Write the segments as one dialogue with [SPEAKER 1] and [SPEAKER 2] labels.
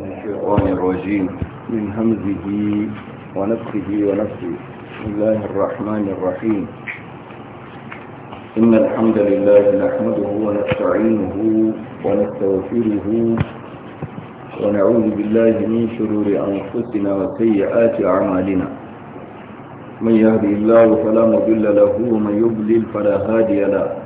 [SPEAKER 1] الشيطان الرجيم من همزه ونفخه ونفسه بسم الله الرحمن الرحيم إن الحمد لله نحمده ونستعينه ونستغفره ونعوذ بالله من شرور أنفسنا وسيئات أعمالنا من يهدي الله فلا مضل له ومن يضلل فلا هادي له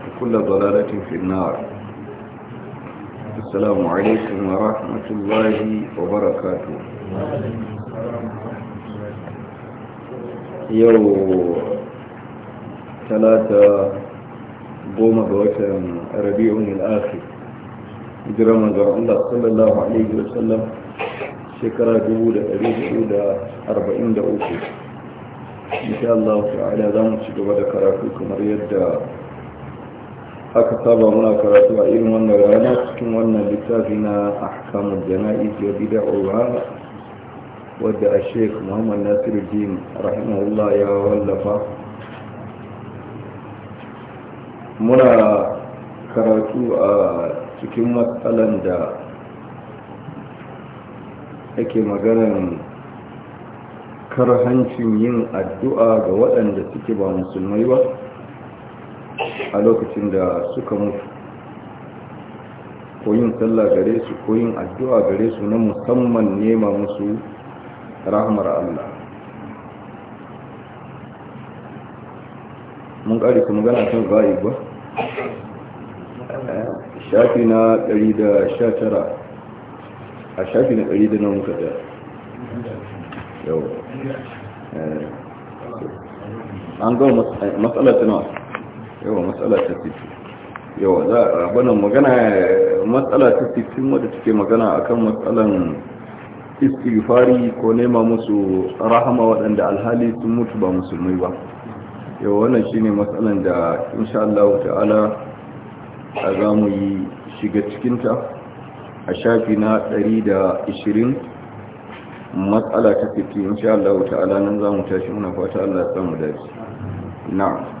[SPEAKER 1] كل ضلالة في النار السلام عليكم ورحمة الله وبركاته يوم ثلاثة قوم بوتن ربيع الآخر جرام جرع الله صلى الله عليه وسلم شكرا جهودة أبيه أربعين دقوة إن شاء الله تعالى ذا مشكلة كراكو كمريد aka saba muna karatu a irin wannan rana cikin wannan littafi na ahkamun jana'iz ya bida ulama wadda a sheik muhammad nasiru jim rahimahullah ya wallafa muna karatu a cikin matsalan da yake maganan hancin yin addu'a ga waɗanda suke ba musulmai ba a lokacin da suka mutu ko yin sallah gare su ko yin addu'a gare su na musamman nema musu rahmar Allah mun ƙari kuma gana kan ba'i ba eh, shafi na 119 a shafi na 100 muka da yau eh. an gama matsalar tunawa yawa matsala ta titi yawa za a magana matsala ta titin wadda take magana akan matsalan istighfari ko nema musu rahama waɗanda alhali sun mutu ba musulmai ba yau wannan shine matsalan da insha Allah ta'ala a za mu yi shiga cikinta a shafi na 120 matsala ta fiti insha Allah ta'ala nan za mu tashi muna fata Allah ya samu dace na'am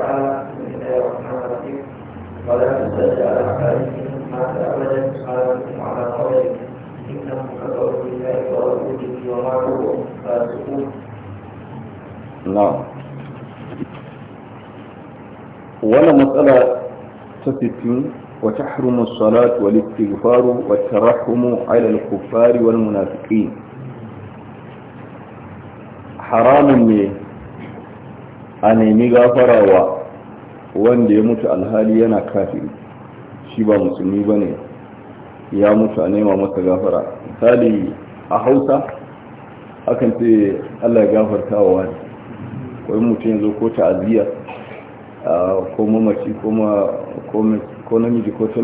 [SPEAKER 1] matsala ta sittin wata harumun salatu wal istighfaru wata rahumu alal kuffari wal munafiqin haramun ne a nemi gafarawa wanda ya mutu alhali yana kafiri shi ba musulmi ba ne ya mutu a nema masa gafara misali a hausa akan ce allah gafarta wa wani ko mutum yanzu ko ta'aziyya ko mamaci ko namiji ko ta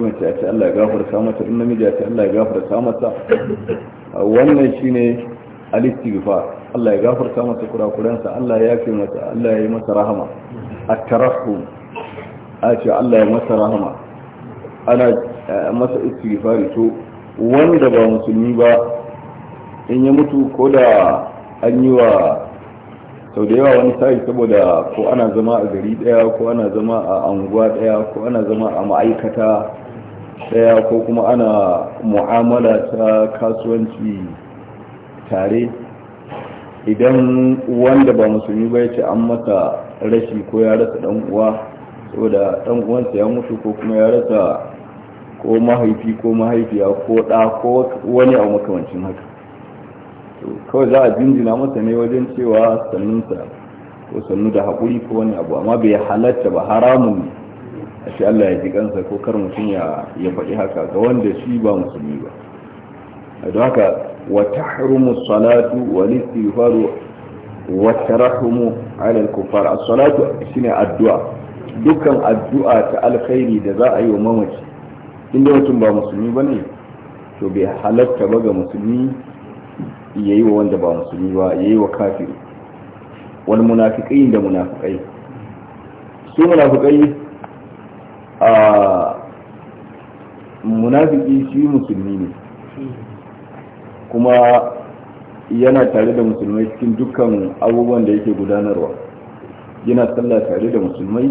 [SPEAKER 1] mace a ce Allah ya gafarta mata in namiji a ce Allah ya gafarta mata wannan shine ne alistifa Allah ya gafarta mata kurakuransa Allah ya fi mata Allah ya yi mata rahama a tarahum a ce Allah ya mata rahama ana masa da to wanda ba musulmi ba in ya mutu ko da an yi wa sau da yawa wani sa'i saboda ko ana zama a gari daya ko ana zama a anguwa daya ko ana zama a ma'aikata daya ko kuma ana mu'amala ta kasuwanci tare idan wanda ba musulmi ba ya ce an masa rashi ko ya rasa dan uwa saboda dan uwansa ya mutu ko kuma ya rasa ko mahaifi ko mahaifiya ko ɗa ko wani abu makamancin haka kawai za a jinjina masa ne wajen cewa sannunsa ko sannu da haƙuri ko wani abu amma bai halatta ba haramun ne a shi Allah ya ji kansa ko kar mutum ya faɗi haka ga wanda shi ba musulmi ba don haka wa tahrumu salatu wa listighfaru wa tarahumu ala al as-salatu shine addu'a dukkan addu'a ta alkhairi da za a yi wa mamaci inda mutum ba musulmi bane to bai halatta ba ga musulmi yayi wa wanda ba musulmi ba yayi wa kafiri wal munafiqin da munafiqai su munafiqai a munafiki shi musulmi ne kuma yana tare da musulmai cikin dukkan abubuwan da yake gudanarwa yana sallah tare da musulmai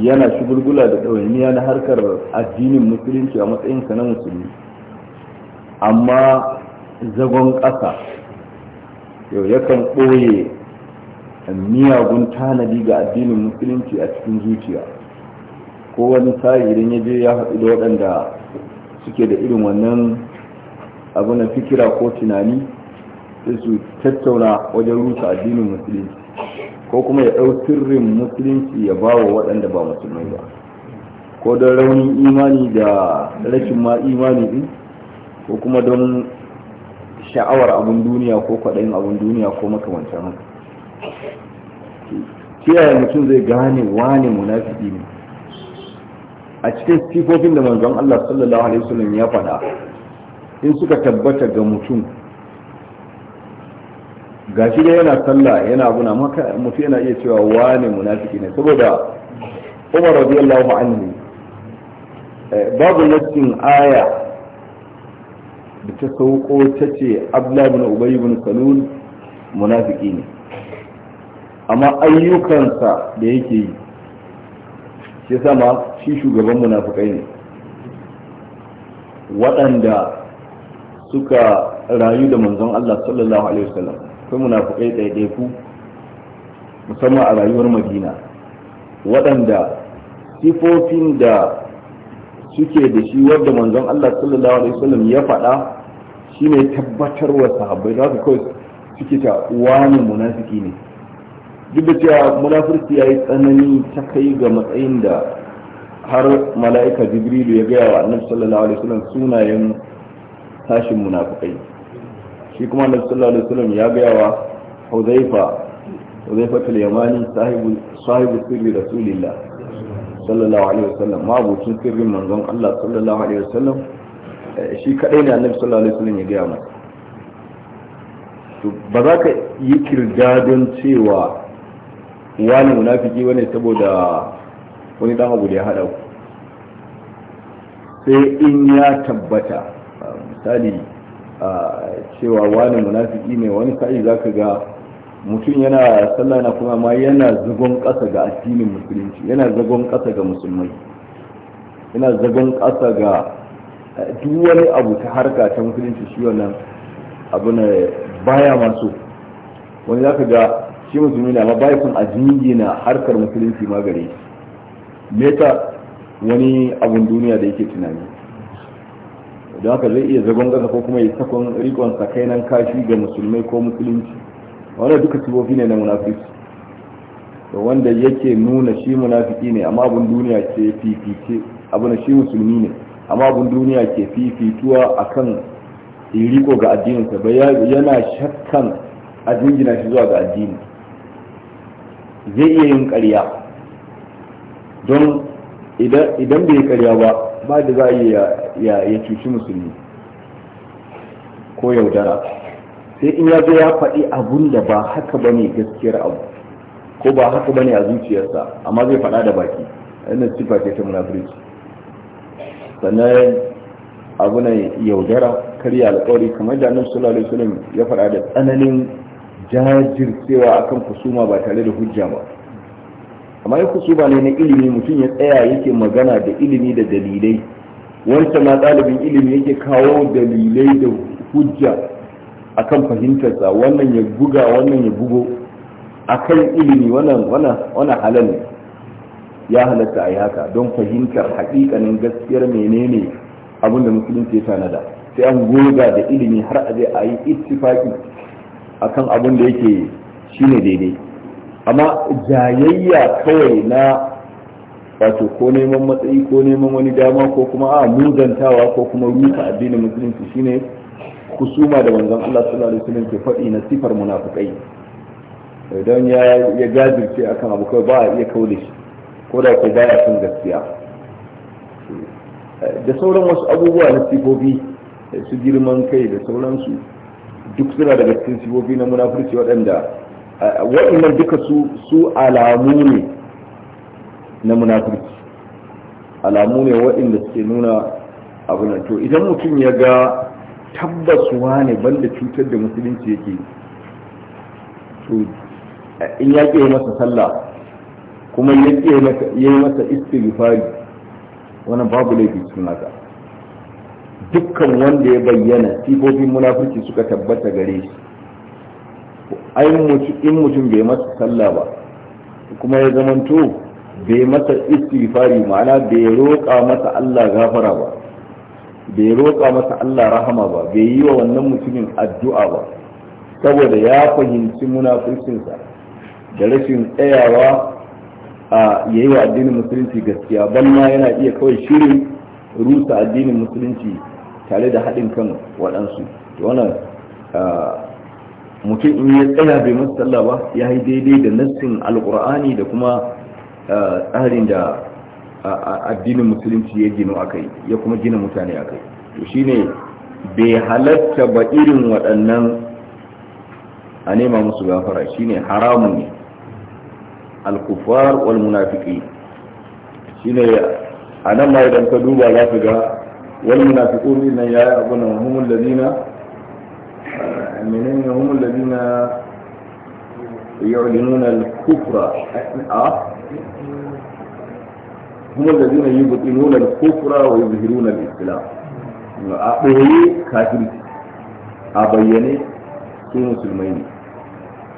[SPEAKER 1] yana shugulgula da ɗawainiya na harkar addinin musulunci a matsayinsa na musulmi amma zagon ƙasa yau yakan ɓoye miyagun tanadi ga addinin musulunci a cikin zuciya ko wani sa'i idan ya je ya haɗu da waɗanda suke da irin wannan abu na fikira ko tunani sai su tattauna wajen rusa addinin musulunci ko kuma ya ɗau sirrin musulunci ya ba wa waɗanda ba musulmai ba ko don raunin imani da rashin ma imani ɗin ko kuma don sha'awar abin duniya ko kwaɗayin abin duniya ko makamancin haka kiyaye mutum zai gane wane munafiki ne a cikin sifofin da manzon Allah sallallahu alaihi wasallam ya faɗa in suka tabbata ga mutum gashi da yana sallah yana abuna maka mutum yana iya cewa wane munafiki ne saboda Umar radiyallahu anhu eh, babu nassin aya da ta sauko ta ce abla bin ubayi bin salul munafiki ne amma ayyukansa da yake yi shi sama shi shugaban munafikai ne waɗanda suka rayu da manzon Allah sallallahu alaihi wasallam kai munafikai ku musamman a rayuwar madina waɗanda sifofin da suke da shi wanda manzon Allah sallallahu alaihi wasallam ya faɗa shine tabbatar wa sahabbai da kawai suke ta wani munafiki ne duk da cewa munafurci yayi tsanani ta kai ga matsayin da har mala'ika jibrilu ya gaya wa annabi sallallahu alaihi wasallam sunayen tashin munafikai shi kuma annabi sallallahu alaihi wasallam ya gaya wa Hudhaifa Hudhaifa al-Yamani sahibu sahibu sirri rasulillah sallallahu alaihi wasallam mabucin sirrin manzon Allah sallallahu alaihi wasallam eh, shi kadai ne annabi sallallahu alaihi wasallam ya gaya mu to ba za ka yi kirjadon cewa wani munafiki wani saboda wani dan abu da ya hada sai in ya tabbata misali ah, cewa wani munafiki ne wani sa'i zaka ga mutum yana sallah yana kuma ma yana zagon ƙasa ga addinin musulunci yana zagon ƙasa ga musulmai yana zagon ƙasa ga eh, duk wani abu ta harka ta musulunci shi wannan abu na baya masu wani zaka ga shi musulmi na ma baya kun a na harkar musulunci ma gare shi meta wani abun duniya da yake tunani don haka zai iya zagon ƙasa ko kuma ya sakon rikon sakainan kashi ga musulmai ko musulunci wannan duka sifofi ne na munafiki to wanda yake nuna shi munafiki ne amma abun duniya ce fifice shi musulmi ne amma abun duniya ke fifituwa akan riko ga addininsa ba yana shakkan a jingina shi zuwa ga addini zai iya yin ƙarya don idan bai yi karya ba ba da za a yi ya cuci musulmi ko yaudara sai in ya zo ya faɗi abun da ba haka ba ne gaskiyar abu ko ba haka ba ne a zuciyarsa amma zai faɗa da baki yana sifa ce ta munafurci sannan abu ne yaudara karya alƙawari kamar da annabi sallallahu alaihi wasallam ya faɗa da tsananin jajircewa akan kusuma ba tare da hujja ba amma ya kusuma ne na ilimi mutum ya tsaya yake magana da ilimi da dalilai wancan ma ɗalibin ilimi yake kawo dalilai da hujja akan fahimtarsa wannan ya buga wannan ya bugo akan ilimi wannan halal ne ya halatta a haka don fahimtar hakikanin gaskiyar menene abin da musulunci ya tanada sai an goga da ilimi har a je a yi ittifaki akan abin da yake shine daidai amma jayayya kawai na wato ko neman matsayi ko neman wani dama ko kuma a muzantawa ko kuma rusa addinin musulunci shine kusuma da manzon Allah sallallahu alaihi wasallam ke faɗi na sifar munafikai don ya ya gajirce akan abu kai ba a iya kaule shi ko da ke baya son gaskiya da sauran wasu abubuwa na sifofi su girman kai da sauransu duk suna daga cikin sifofi na munafurci waɗanda waɗannan duka su su alamu ne na munafurci alamu ne waɗanda suke nuna abu to idan mutum ya ga tabbasuwa ne banda cutar da musulunci yake to in ya ƙi masa sallah kuma ya ƙi ya yi masa istighfari wannan babu laifi cikin haka dukkan wanda ya bayyana sifofin munafurci suka tabbata gare shi ai in mutum bai masa sallah ba kuma ya zamanto bai masa istighfari ma'ana bai roƙa masa Allah gafara ba bai roƙa masa Allah rahama ba bai yi wa wannan mutumin addu'a ba saboda ya fahimci munafurcinsa da rashin tsayawa a yayi wa addinin musulunci gaskiya balma yana iya kawai shirin rusa addinin musulunci tare da haɗin kan waɗansu to wannan mutum in ya tsaya bai masa sallah ba ya yi daidai da nassin alƙur'ani da kuma tsarin da addinin musulunci ya gino aka yi, ya kuma gina mutane aka yi. to shi ne bai halatta ba irin waɗannan a nema musu gafara ne haramu ne al-kufar wal munafiqi shine a nan ma idan ka duba za su ga wal munafiqun nan ya abuna humul ladina menene humul ladina yu'linuna al-kufra a kuma da zina yi buɗi nuna kofura wa yi zuhiru na islam a ɓoye kafirci a bayyane su musulmai ne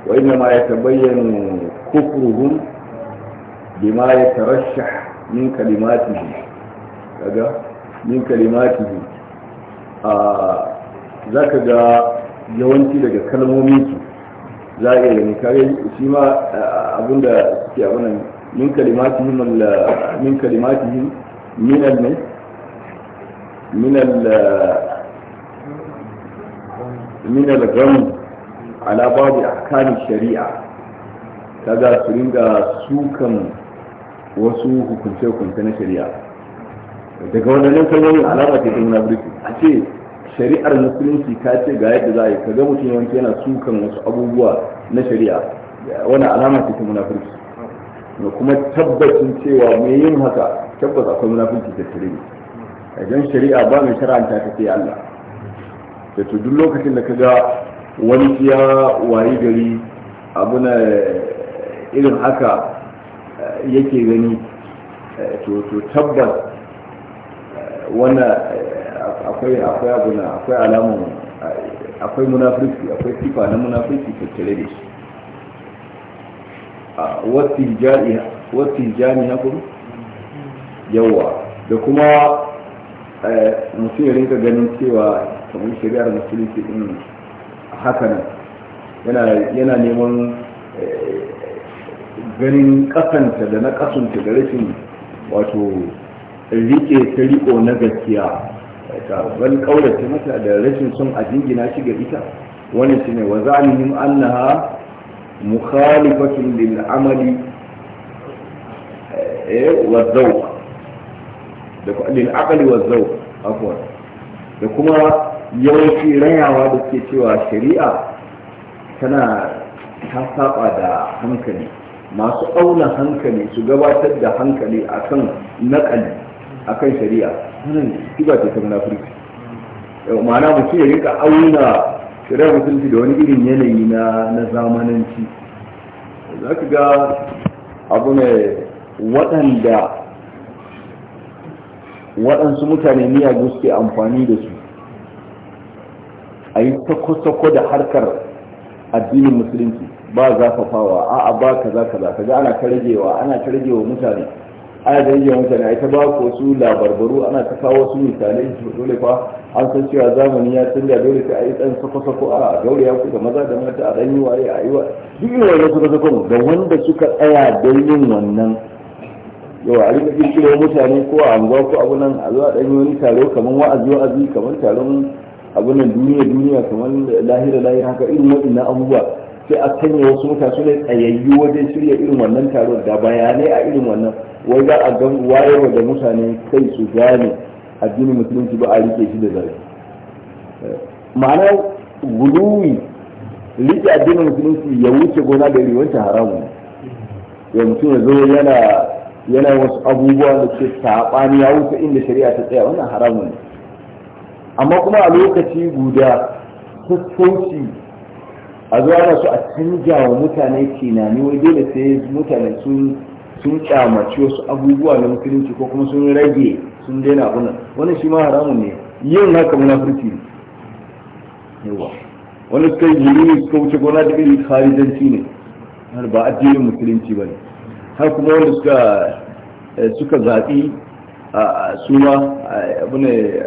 [SPEAKER 1] wa inna ma ya bayyana kufruhum bima ya tarashah min kalimatihi kaga min kalimatihi a zaka ga yawanci daga kalmomin su za a iya gani kare shi ma abinda suke abin من كلماتهم من كلماتهم من ال من ال من الغم على بعض أحكام الشريعة kaga su ringa sukan wasu hukunce-hukunce na shari'a daga wanda wadannan kalmomin alama ce ta munafurci a ce shari'ar musulunci ta ce ga yadda za a yi ka ga mutum yawanci yana sukan wasu abubuwa na shari'a wani alama ce ta munafurci da kuma tabbacin cewa mai yin haka tabbas akwai da tattare ne don shari'a ba mai shara'anta ta sai Allah da to duk lokacin da kaga wani ya wayi gari abuna eh, irin haka eh, yake gani eh, to to tabbas wannan akwai akwai abuna akwai alamun akwai munafurci akwai sifa na munafurci tattare da shi wattijaniya kuma yawa da kuma eh, mutum ya rinka ganin cewa kamar shari'ar musulunci din hakanan yana neman eh, ganin kasanta da na kasanta da rashin wato rike ta riko na gaskiya ta wani kaurace mata da rashin son a jingina shi ga ita wani shi ne wa zalihim annaha mukhalifatun lil amali eh, wa zawq da lil aqli wa zawq afwan da kuma yawanci rayawa da ke cewa shari'a tana ta saba da hankali masu auna hankali su gabatar da hankali akan nakali akan shari'a wannan kiba ce ta munafurci ma'ana mutum ya rika auna Kira musulunci da wani irin yanayi na na zamananci za ka ga abu ne waɗanda waɗansu mutane miyagu suke amfani da su a yi sako-sako da harkar addinin musulunci ba zafafawa a'a ba kaza kaza ka ana karewa. ga ana ana mutane ana da yin wata na ita ba ko su labarbaru ana ta kawo su misalai su dole fa an san cewa zamani ya canja dole sai a yi dan sako sako a gauri ya kuka maza da mata a dan yi waye a yi wa duk irin wannan sako sako da wanda suka tsaya don yin wannan yau a rika kirkiro mutane ko a anguwa ko abu nan a zuwa dan yi wani taro kamar wa'azi wa'azi kamar taron abu nan duniya duniya kamar lahira lahira haka irin waɗannan abubuwa sai a sanya wasu mutane su ne tsayayyu wajen shirya irin wannan taron da bayanai a irin wannan wai za a gan wayarwa da mutane kai su gane addinin musulunci ba a rike shi da zarafi ma'ana guluwi rike addinin musulunci ya wuce gona da yi wancan haramun ya mutum ya zo yana yana wasu abubuwa da ke saɓani ya wuce inda shari'a ta tsaya wannan haramun ne amma kuma a lokaci guda sassauci a zuwa ana a canja wa mutane kinani wai dole sai mutane sun sun kyamaci wasu abubuwa na musulunci ko kuma sun rage sun daina abin nan Wani shi ma haramun ne yin haka munafurci ne yawa wani suka yi jiri suka wuce gona da iri harijanci ne har ba addinin musulunci ba ne har kuma wanda suka eh, suka zaɓi a ma abu ne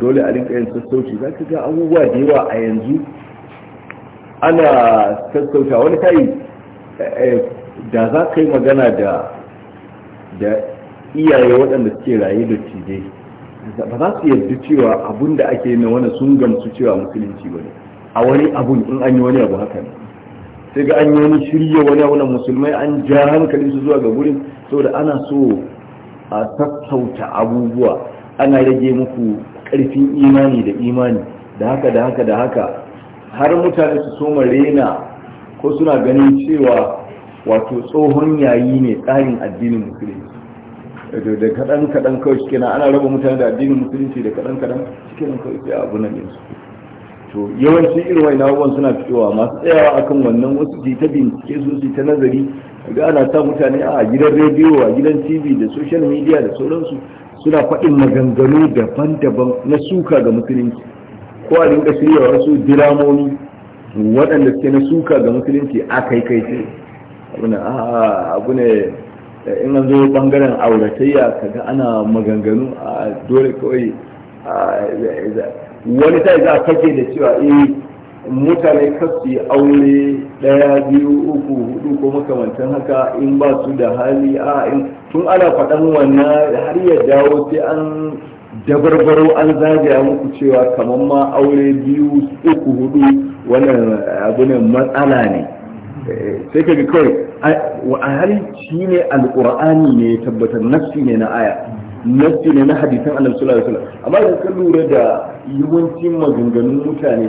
[SPEAKER 1] dole a rinka yin sassauci za ka ga abubuwa da yawa a yanzu ana sassauta wani kai eh, eh, da za ka yi magana da iyaye waɗanda suke raye da cije ba za su yarda cewa abun da ake na wani sun gamsu cewa musulunci ba ne a wani abun in an yi wani abu haka ne sai ga an yi wani shirya wani abu na musulmai an ja hankalin su zuwa ga gurin saboda ana so a tattauta abubuwa ana rage muku ƙarfin imani da imani da haka da haka da haka har mutane su soma rena ko suna ganin cewa wato tsohon yayi ne tsarin addinin musulunci da kaɗan kaɗan kawai shi ana raba mutane da addinin musulunci da kaɗan kaɗan shi kenan kawai sai abu nan yanzu to yawanci irin wani abubuwan suna fitowa masu tsayawa akan wannan wasu ji ta bincike su ji ta nazari ga ana sa mutane a gidan rediyo a gidan tv da social media da sauransu suna faɗin maganganu daban-daban na suka ga musulunci ko a dinga shirya wasu diramomi waɗanda suke na suka ga musulunci a kai kai abuna a ne, in an zo bangaren auratayya kaga ana maganganu a dole kawai wani ta za a fage da cewa eh mutane kafi aure daya biyu uku hudu ko makamantan haka in ba su da hali a in tun ana faɗan wannan har ya dawo sai an dabarbaro an zagaya muku cewa kamar ma aure biyu uku hudu wannan abu ne matsala ne sai ga kawai wa hali shine alqur'ani ne ya tabbatar nafsi ne na aya nafsi ne na hadisan annabi sallallahu alaihi wasallam amma idan ka lura da yawancin maganganun mutane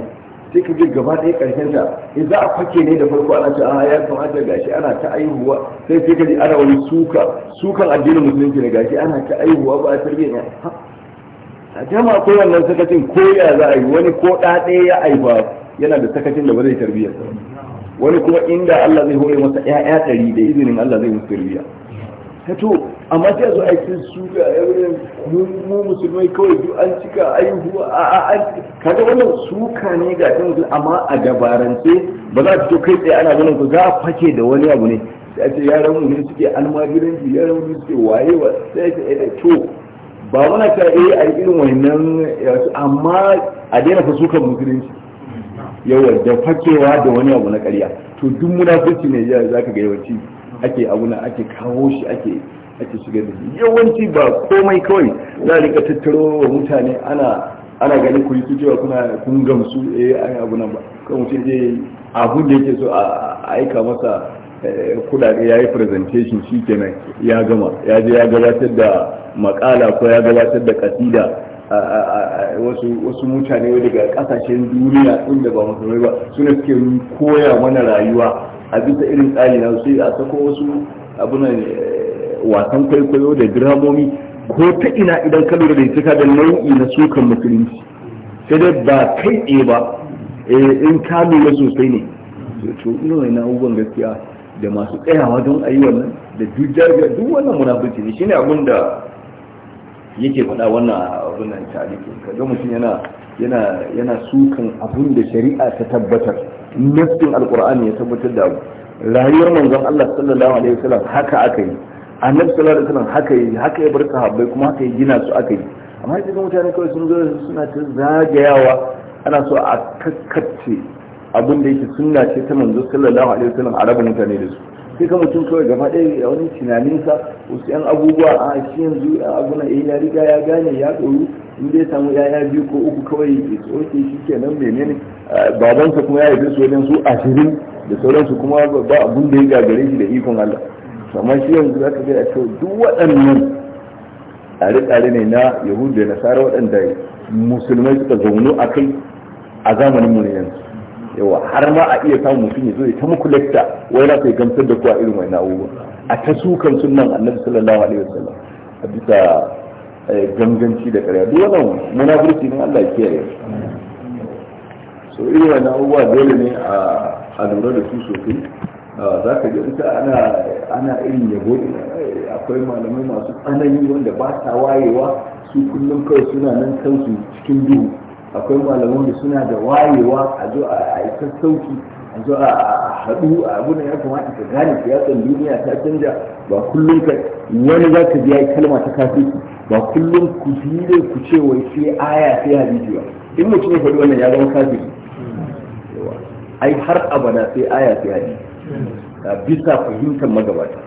[SPEAKER 1] sai ka ga gaba ɗaya ƙarshen ta in za a fake ne da farko ana ce a ah, ya kamata gashi ana ta aihuwa sai sai ka ji ana wani suka sukan addinin musulunci ne gashi ana ta aihuwa ba a tarbiyya ne a jama akwai wannan sakacin ko ya za a yi wani ko ɗa ɗaya ya aihuwa yana da sakacin da ba zai tarbiyyar wani kuma inda Allah zai hore masa ƴaƴa ɗari da izinin Allah zai musu riya. ta to amma sai zo aikin su ga mu musulmai kawai duk an cika aihu a a a kaga wannan suka ne ga kan mutum amma a dabarance ba za ta to kai tsaye ana ganin ku za a fake da wani abu ne sai a ce yaran mu ne suke almajiranci yaran mu suke waye wa sai a eh, eh, to ba muna ta eh a irin wannan amma a daina fasukan musulunci ya yarda fakewa da wani abu na ƙarya to duk munafurci ne ya zaka ga yawanci ake abuna ake kawo shi ake ake shigar da yawanci ba komai kawai za a rika tattaro wa mutane ana ana ganin ku yi su cewa kuna kun gamsu eh ai abu nan ba kan mutum je abun da yake so a aika masa eh, kudade yayi yi presentation shi kenan ya gama ya je ya gabatar da makala ko ya gabatar da kasida wasu mutane daga kasashen duniya inda ba musulmai ba suna suke koya mana rayuwa a bisa irin tsari na sai a sako wasu abunan eh, wasan kwaikwayo da diramomi ko ta ina idan ka lura da ita da nau'i na sukan musulunci sai dai ba kai tsaye ba eh, in ka lura sosai ne to ina wani abubuwan gaskiya da masu tsayawa don a yi wannan da duk wannan munafurci ne shine abin da yake faɗa wannan abin nan ka ga mutum yana yana yana sukan abin da shari'a ta tabbatar nassin alqur'ani ya tabbatar da rayuwar manzon Allah sallallahu alaihi wasallam haka aka yi annabi sallallahu alaihi wasallam haka yi haka ya bar sahabbai kuma haka ya gina su aka yi amma sai ga mutane kawai sun zo suna ta zagayawa ana so a kakkace abin da yake sunna ce ta manzo sallallahu alaihi wasallam a rabu mutane da su sai ka mutum kawai gaba ɗaya a wani tunaninsa wasu yan abubuwa a shi yanzu a abuna eh ya riga ya gane ya ɗoru in dai samu yaya biyu ko uku kawai ya tsoke shi kenan menene babansa kuma ya yi su wajen su ashirin da sauransu kuma ba abun da ya gagare shi da ikon Allah amma shi yanzu za ka gaya cewa duk waɗannan tsare-tsare ne na yahudu da nasara waɗanda musulmai suka zaunu a kai a zamanin mu ne yanzu yawa har ma a iya samun mutum ya zo ya ta muku lekta wai na sai gamsar da kuwa irin wani abubuwa a ta sukan sunan annabi sallallahu alaihi wasallam a bisa eh, ganganci da ƙarya duk wannan munafurci ne Allah ya kiyaye so irin wani abubuwa dole ne a lura da su sosai ah, za ka ji ita ana irin yabo eh, akwai malamai masu tsanani wanda ba sa wayewa su kullum kawai suna nan kansu cikin duhu akwai malaman da suna da wayewa a zo a yi sassauki a zo a haɗu a abin ya kamata ka gane siyasar duniya ta canja ba kullum ka wani za ka biya kalma ta kafirci ba kullum ku ne ku ce wai sai aya sai hadisi ba in mutum ya faɗi wannan ya zama kafiri ai har abada sai aya sai hadisi bisa fahimtar magabata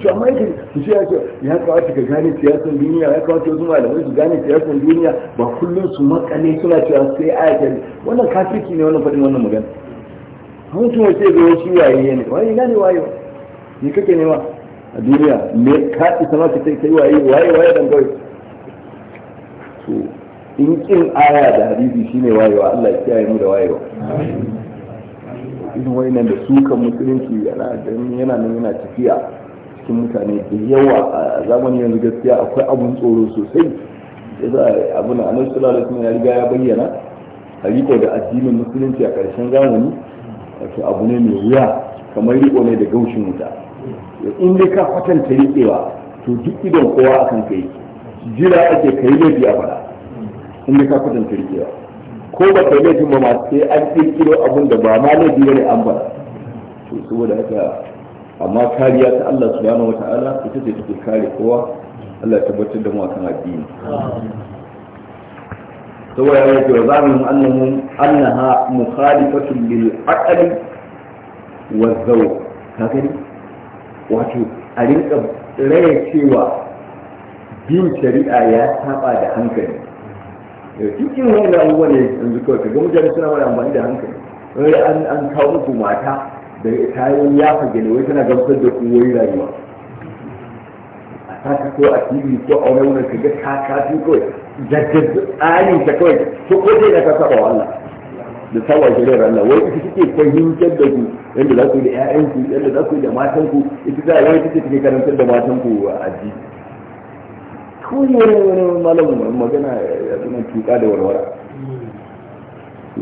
[SPEAKER 1] ce amma yake su ya ce ya kawata ka gane siyasar duniya ya kawata wasu malamai su gane siyasan duniya ba kullum su makale suna cewa sai ayatar wannan kafirki ne wannan faɗin wannan magana mutum wace zo shi waye ne waye ina ne waye ne kake nema a duniya me ka isa ma ka sai kai waye waye waye dan kawai to in kin aya da hadisi shine wayewa Allah ya kiyaye mu da wayewa irin wayannan da sukan musulunci yana yana nan yana tafiya cikin mutane da yawa a zamanin yanzu gaskiya akwai abun tsoro sosai da za a na. sallallahu alaihi wasallam ya riga ya bayyana a riko da addinin musulunci a ƙarshen zamani wato abu ne mai wuya kamar riko ne da gaushin wuta in dai ka kwatanta riƙewa to duk idon kowa akan kai jira ake kai laifi a bara in dai ka kwatanta riƙewa ko ba kai laifin ba ma sai an ƙirƙiro abun da ba ma laifi ne an bara to saboda haka amma kariya ta Allah subhanahu wata'ala ita ce take kare kowa Allah ya tabbatar da mu akan addini saboda ya ce wa zamu mu annaha mukhalifatun lil aqli wa zawq gani wato a rinka raya cewa bin shari'a ya saba da hankali cikin eh, wani abubuwa ne yanzu kawai ka ga mutane suna wani amfani da hankali wai an kawo muku mata da kayan ya fage ne wai tana gamsar da ku wai rayuwa a ta ko a tv ko a wani wunan kaga ka kafi kawai jajjar tsarin ta kawai ko ko dai na ka saba wa Allah da saba shari'ar Allah wai ita suke fahimtar da ku yadda za ku yi da 'ya'yanku yadda za ku yi da matanku ita za a yi ita take karantar da matanku a addini kawai wani wani malamin magana ya zama tuka da warwara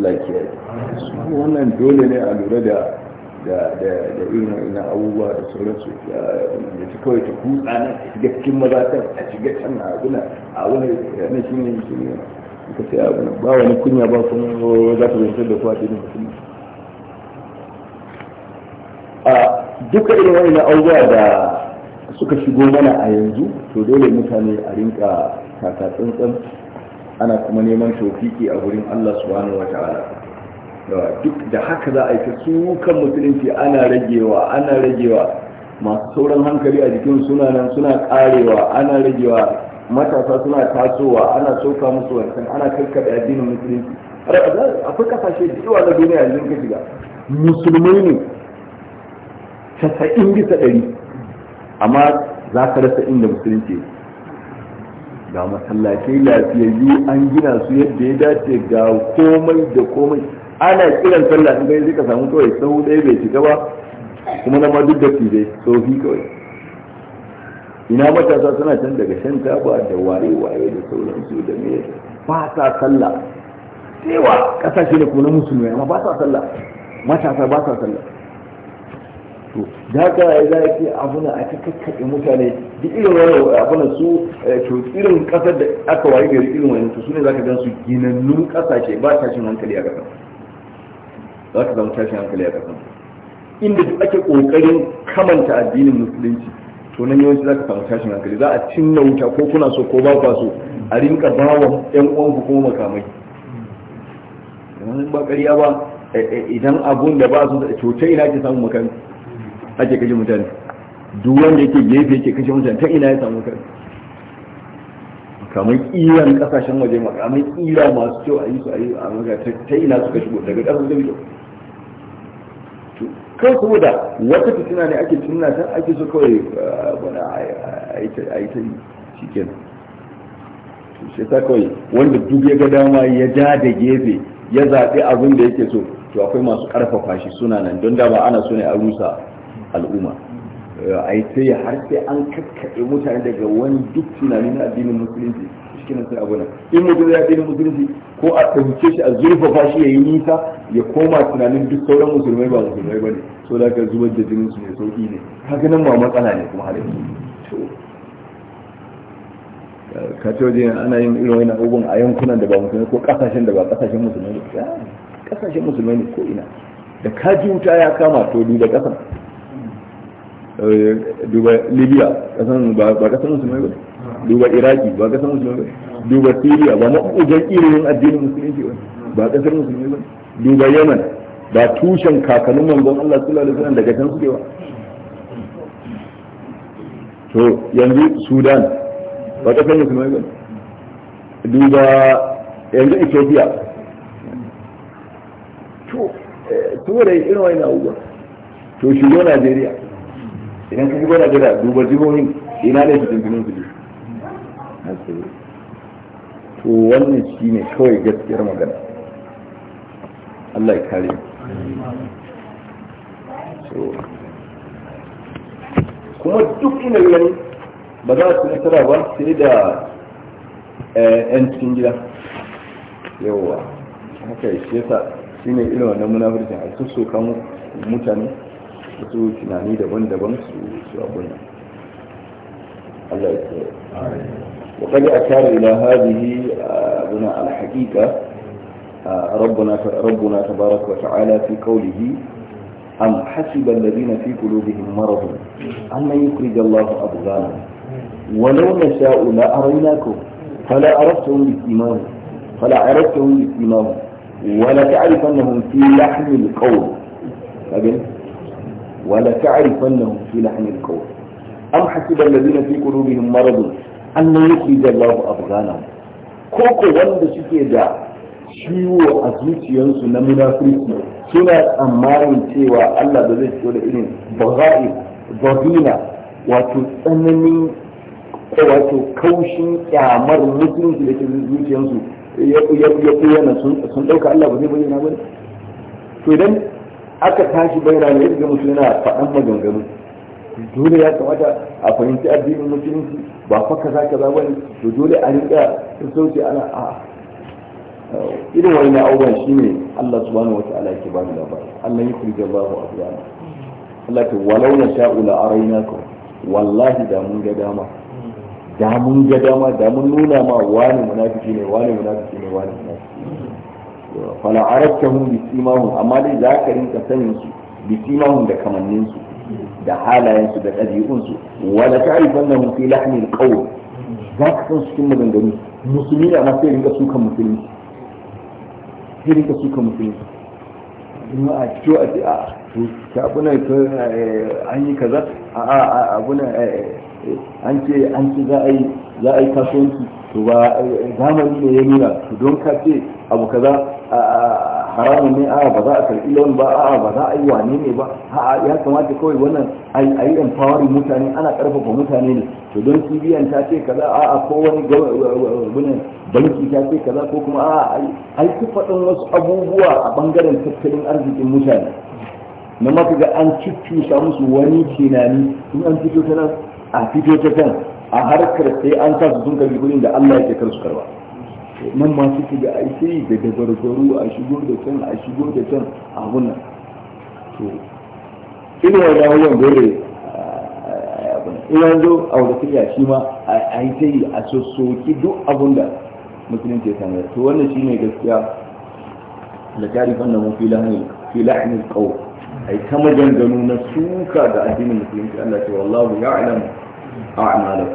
[SPEAKER 1] Allah wannan dole ne a lura da da irin ina abubuwa da sauransu da ta kawai ta kutsa na. a shiga cikin mazatar a shiga can a guna a wani na shi ne shi ne ka sai abu ba wani kunya ba kuma za ta zantar da kuwa ɗin mutum a duka irin na abubuwa da suka shigo mana a yanzu to dole mutane a rinka kaka tsantsan ana kuma neman tofiki a wurin Allah subhanahu wa ta'ala duk da haka za a yi ta sukan musulunci ana ragewa ana ragewa masu sauran hankali a jikin suna nan suna karewa ana ragewa matasa suna tasowa ana soka musu wancan ana karkada addinin musulunci a akwai kasashe da na duniya yanzu ka shiga musulmai ne casa'in bisa ɗari amma za ka rasa inda musulunci ga masallaci lafiyayyu an gina su yadda ya dace ga komai da komai ana kiran sallah in kai ka samu kawai sau ɗaya bai shiga ba kuma na ma duk da dai tsofi kawai ina matasa suna can daga shan taba da waye-waye da sauransu da me ba sa sallah cewa kasashe da kuma na musulmi amma ba sa sallah matasa ba sa sallah to da ka yi za ce abuna a kakkaɓe mutane duk irin wani abuna su eh, to irin kasar da aka waye da irin wani to su ne za ka gan su ginannun kasashe ba tashin hankali a kasar za ka zama tashin hankali a kasan inda duk ake kokarin kamanta addinin musulunci to nan yawanci za ka samu tashin hankali za a cinna wuta ko kuna so ko ba kwa so a rinka wa yan uwanku kuma makamai ba ƙarya ba eh, eh, idan abun da ba su da cuta ina ke samun makami ake kashe mutane duk wanda yake gefe yake kashe mutane ta ina ya samu makami kamar ƙiran kasashen waje makamai kira masu kyau a yi su a yi a ta ina suka shigo daga ƙasar da biyu kawai da wata fitina ne ake tunna ta ake so kawai ah, wani a yi ta yi shi kenan shi ta kawai wanda duk ya ga dama ya ja da gefe ya zaɓi abin da yake so to akwai masu ƙarfafa shi suna nan don dama ana so ne a rusa al'umma Ai yi har sai an kakkaɗe mutane daga wani duk tunani na addinin musulunci shi ne sai abu nan in mutum zai addinin musulunci ko a ɗauke shi a zurfafa shi ya yi nisa ya koma tunanin duk sauran musulmai ba musulmai ba ne so da ka zubar da jinin su ne. sauƙi ne haka nan ma matsala ne kuma har yanzu ka ce waje ana yin irin wani abubuwan a yankunan da ba musulmai ko ƙasashen da ba ƙasashen musulmai ne ƙasashen musulmai ne ko ina da kaji wuta ya kama to da ƙasa. Eh, duba libya kasan ba kasan musulmai ba duba iraki ba kasan musulmai ba duba syria ba ma'ujan irin addinin musulunci ba ba kasar musulmai ba duba yaman ba tushen kakannin manzon Allah sallallahu alaihi wasallam daga can suke ba to yanzu sudan ba kasar musulmai ba duba yanzu ethiopia to eh, saboda irin wani abubuwa to shigo najeriya idan ka gwada gwada duba jihohin ina ne cikin jinin su to wannan shi ne kawai gaskiyar magana Allah ya kare kuma duk ina gani ba za su nasara ba sai da eh, yan cikin gida yawwa haka shi yasa shi ne irin wannan munafurcin a sussoka mutane وقد أشار إلى هذه بناء الحقيقة ربنا ربنا تبارك وتعالى في قوله أم حسب الذين في قلوبهم مرض أن يخرج الله أبغانا ولو نشاء لأريناكم فلا عرفتهم بسيماهم فلا عرفتهم بسيماهم ولتعرفنهم في لحم القول wala ta'rifannahum fi lahnil qawl am hasiba alladhina fi qulubihim marad an la yukhrij Allahu abghanahum ko ko wanda suke da ciwo a zuciyarsu na munafiki suna tsammanin cewa Allah ba zai fito da wato kaushin kyamar mutunci da ke zuciyarsu ya sun ɗauka Allah ba zai bayyana ba to idan aka tashi baira ne ga mutum yana faɗan maganganu dole ya kamata a fahimci addinin musulunci ba fa kaza kaza ne. to dole a rinka sauke ana a irin wani na auren shi ne Allah subhanahu wa ta'ala yake ba mu labari Allah ya kurje ba mu abuwa Allah ta walau na sha'u la araina ku wallahi da mun ga dama da mun ga dama da mun nuna ma wani munafiki ne wani munafiki ne wani munafiki fala arattahum bi simahum amma dai za ka rinka sanin su bi simahum da kamannin su da halayen su da ɗabi'un su wala ta'rifannahum fi lahmil qawl za ka san su cikin maganganu musulmi amma sai rinka sukan musulmi sai rinka sukan musulmi kuma a fito a ce a ta abuna eh, an yi kaza a a abuna eh, eh, an ce an ce za a yi za a yi kasuwanci to ba zamani ne ya nuna to don ka ce abu kaza haramun ne a ba za a karɓi lawan ba a ba za a yi wane ne ba a'a ya kamata kawai wannan a yi empowering mutane ana karfafa mutane ne to don cibiyan ta ce kaza a ko wani banki ta ce kaza ko kuma a a yi faɗin wasu abubuwa a ɓangaren tattalin arzikin mutane na mafi ga an cuccusa musu wani kinani in an fito ta nan a fito ta kan a harkar sai an sa su sun karɓi kuɗin da Allah ya ke kar su karba. nan ma suke da aiki da dabarbaru a shigo da can a shigo da can a wunan to ina da abubuwan dole eh, ina zo a wata wakiliya shi ma a yi ta yi a sossoki duk abun da musulunci ya sanar to wannan shi ne gaskiya da tarifan mu mun fila hanyar kawo a yi ta maganganu na suka ga addinin musulunci allah ce wallahu ya'lamu a'malahu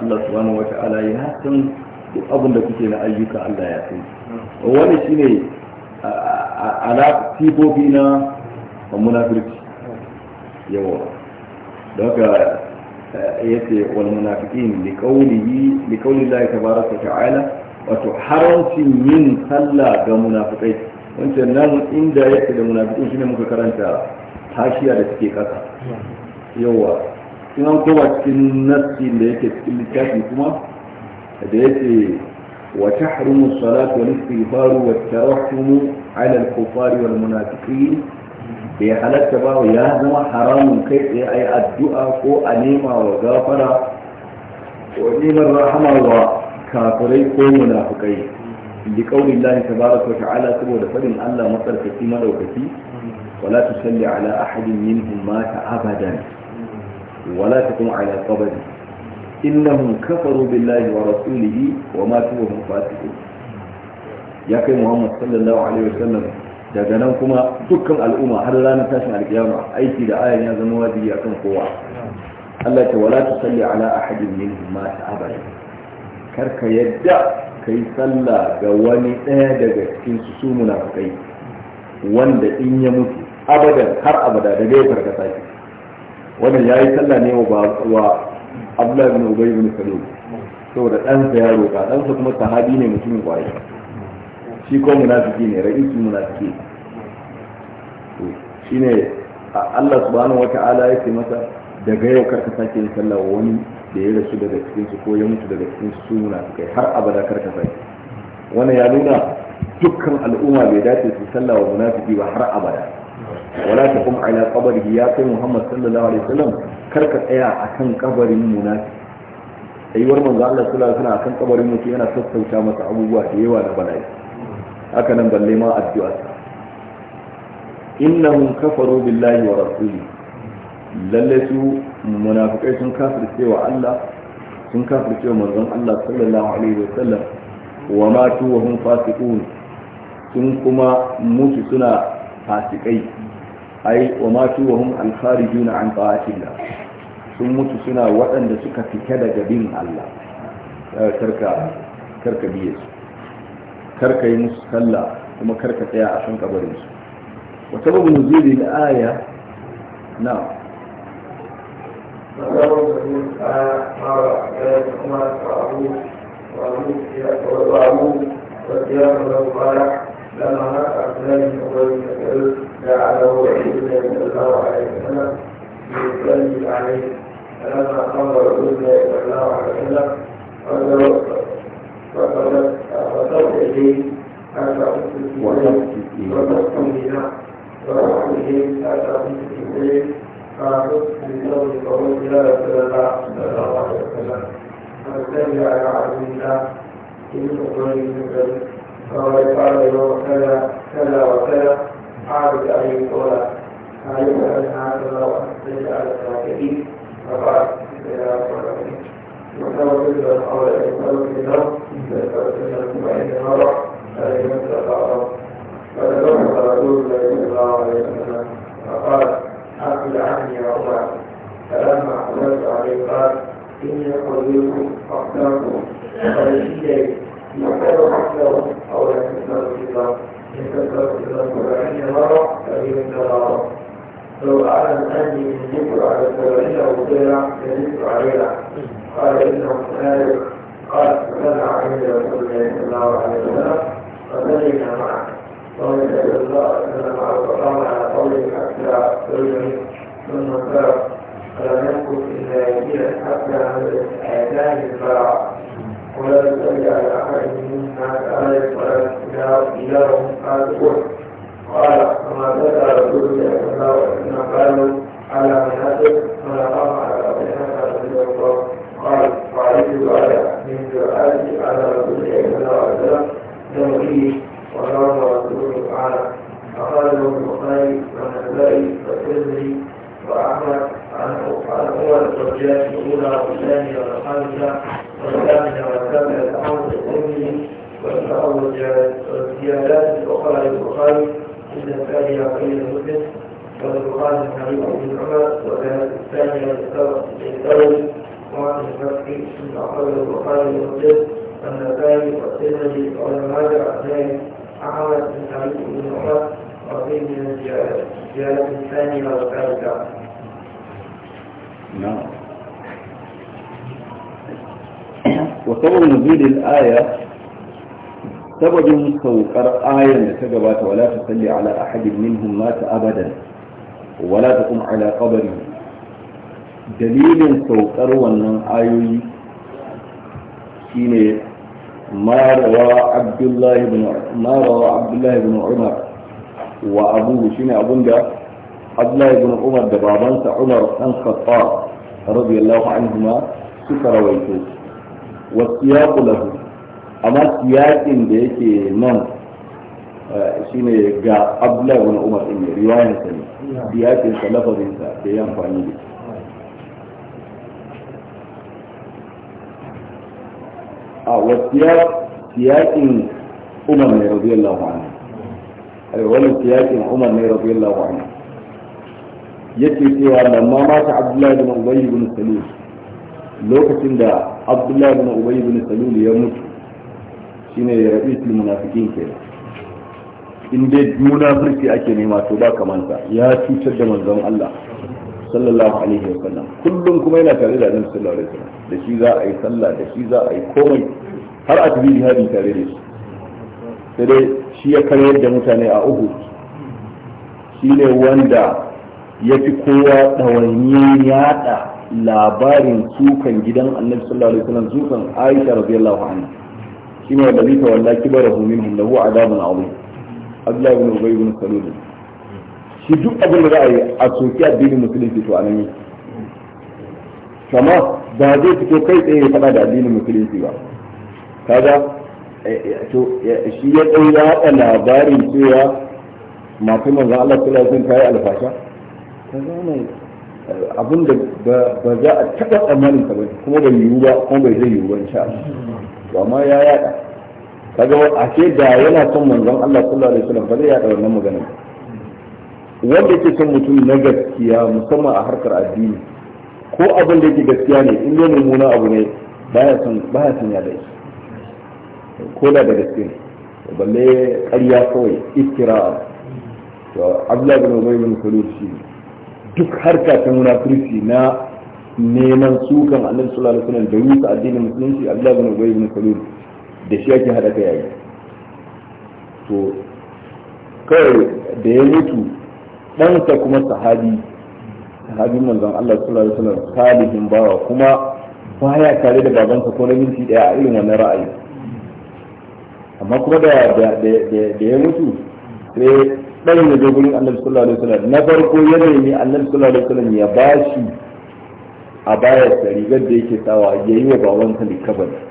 [SPEAKER 1] allah subhanahu wa ta'ala ya san duk abin da kuke na ayyuka Allah ya san wani shine ala tibobi na munafirci yawa da haka eh, wal munafiqin li qawlihi li qawli Allah tabaraka ta'ala wato haramcin yin talla ga munafikai wancan nan inda yake da munafiqin shine muka karanta hashiya da take kasa yawa in an koma cikin nassi da yake cikin littafi kuma da yake wa tahrimu salatu wal istighfar wa tarahum ala al kufar wal da bai halatta ba ya zama haramun kai tsaye a yi addu'a ko a nema wa gafara ko neman rahama wa kafirai ko munafukai bi kaulin lahi tabaraka wa ta'ala saboda fadin Allah matsarkaki madaukaki wala tusalli ala ahadin yin mata abadan wala kuma ala qabri innahum kafaru billahi wa rasulihi wa matu wa hum ya kai muhammad sallallahu alaihi sallam. daga nan kuma dukkan al'umma har ranar tashin alkiyama aiki da ayan ya zama wajibi akan kowa Allah ta wala ta salli ala ahadin minhum ma abada kar ka yadda kai sallah ga wani ɗaya daga cikin su su munafikai wanda in ya mutu abadan har abada da dai farka sake wannan yayi sallah ne wa abdullahi bin ubay bin salul saboda ɗansa ya roƙa ɗansa kuma sahabi ne mutumin kwaye shi ko munafiki ne ra'isu munafiki to shine Allah subhanahu wata'ala ya ce masa daga yau kar ka sake yin sallah wani da ya rasu daga cikin su ko ya mutu daga cikin su munafikai har abada kar ka sake wannan ya nuna dukkan al'umma bai dace su sallah wa munafiki ba har abada wala kuma ala qabrihi ya kai Muhammad sallallahu alaihi wasallam kar ka tsaya akan kabarin munafiki tsayuwar manzo Allah sallallahu alaihi wasallam akan kabarin mutum yana sassauta masa abubuwa da yawa da bala'i haka nan balle ma addu'a innahum kafaru billahi wa rasulihi lalle su munafikai sun kafirce wa Allah sun kafirce manzon Allah sallallahu alaihi wasallam wa matu wa hum fasiqun sun kuma mutu suna fasikai أي وماتوا وهم الخارجون عن طاعة الله ثم تسنى وأن سكة كدك بين الله كركا كركا بيس كركا يمس كلا ثم كركا تياع عشان كبر يمس وتبقى نزيد الآية نعم
[SPEAKER 2] وقالوا جعله عيسى صلى الله عليه وسلم يصلي عليه فلما قام رسول الله صلى الله عليه وسلم فقدت اليه حتى وقفت بنا ورحمه حتى وقفت اليه فعرفت بثوب قول يا رسول الله صلى الله عليه وسلم فاتبع على عبد الله في قريب فقال يوم كذا كذا وكذا حالك أن يقول عليك أن هذا وأحسنك على الراكبين وبعد وتوكل على الله الله وإن رسول الله صلى الله عليه وسلم فقال أقل عني يا عمر فلما حضرت عليه قال إني قدير أقدامكم فلشيء يقدر حقه أو لا تسلم في الأرض كثرت من سبعين مرة فإن ترى لو أعلم أني يجب على سبعين أو بضيع يجب عليها قال إنه خالق قال فمنع عند رسول الله صلى الله عليه وسلم فبلغ معه ونسأل الله أن مع القرآن على قوله حتى تلغي ثم ترى فلم يمكث إلا يميلا حتى هذا الآتان البراء ولا يصلي على أحد منهما
[SPEAKER 1] الصلاة ولا تصلي على أحد منهم مات أبدا ولا تقم على قبره dalilin saukar wannan ayoyi shine marawa abdullahi ibn umar wa abu shine abinda abdullahi ibn umar da babansa umar dan khattab radiyallahu anhuma suka rawaito wa siyaqu lahu amma siyaqin da yake nan shine ga abla ibn umar din riwayan sa ne biyakin sa lafazin sa da ya amfani da a wasiya siyakin umar ne radiyallahu anhu ai wannan siyakin umar ne radiyallahu anhu yake cewa lamma mata abdullahi ibn ubay ibn salul lokacin da abdullahi ibn ubay ibn salul ya mutu shine ya rabi'ul munafiqin kenan in dai munafurci ake nema to ba kamansa ya cutar da manzon Allah sallallahu alaihi wa sallam kullum kuma yana tare da annabi sallallahu alaihi wa sallam da shi za a yi sallah da shi za a yi komai har a tafi jihadi tare da shi sai dai shi ya karyar da mutane a Uhud shi ne wanda ya fi kowa ɗawainiyar yada labarin tukan gidan annabi sallallahu alaihi wasallam sukan Aisha radiyallahu anha shine wanda zai tawalla kibarahu minhum lahu adabun azim abdullahi ibn ubay ibn salul shi duk abin da za a yi a soki addinin musulunci to anan yake kama ba zai fito kai tsaye ya faɗa da addinin musulunci ba kaga eh, eh, shi ya ɗau ya haɗa labarin cewa masu manzan Allah sallallahu alaihi wasallam kayi alfasha kaga wannan eh, abin da ba za a taɓa tsammanin ka ba kuma bai yiwu ba kuma bai zai yiwu ba insha Allah to amma ya yaɗa kaga a ce da yana son manzon Allah sallallahu alaihi wasallam ba zai yaɗa wannan magana wanda yake son mutum na gaskiya musamman a harkar addini ko abin da yake gaskiya ne in ne mummuna abu ne baya son baya son yaɗa shi ko da da gaske ne balle ƙarya kawai iftira to Abdullahi bin Ubay bin Salul shi duk harka ta munafurci na neman sukan Annabi sallallahu alaihi wasallam da yusa addinin musulunci Abdullahi bin Ubay bin Salul da shi ake haɗa ka yayi to kawai da ya mutu ɗansa kuma sahabi sahabi manzon Allah sallallahu alaihi wasallam salihin bawa kuma baya tare da babansa ko na minti daya a irin wannan ra'ayi amma kuma da da ya mutu sai ɗan ya je gurin annabi sallallahu alaihi wasallam na farko ya nemi Allah sallallahu alaihi wasallam ya bashi a baya rigar da yake sawa ya yi wa babansa likabari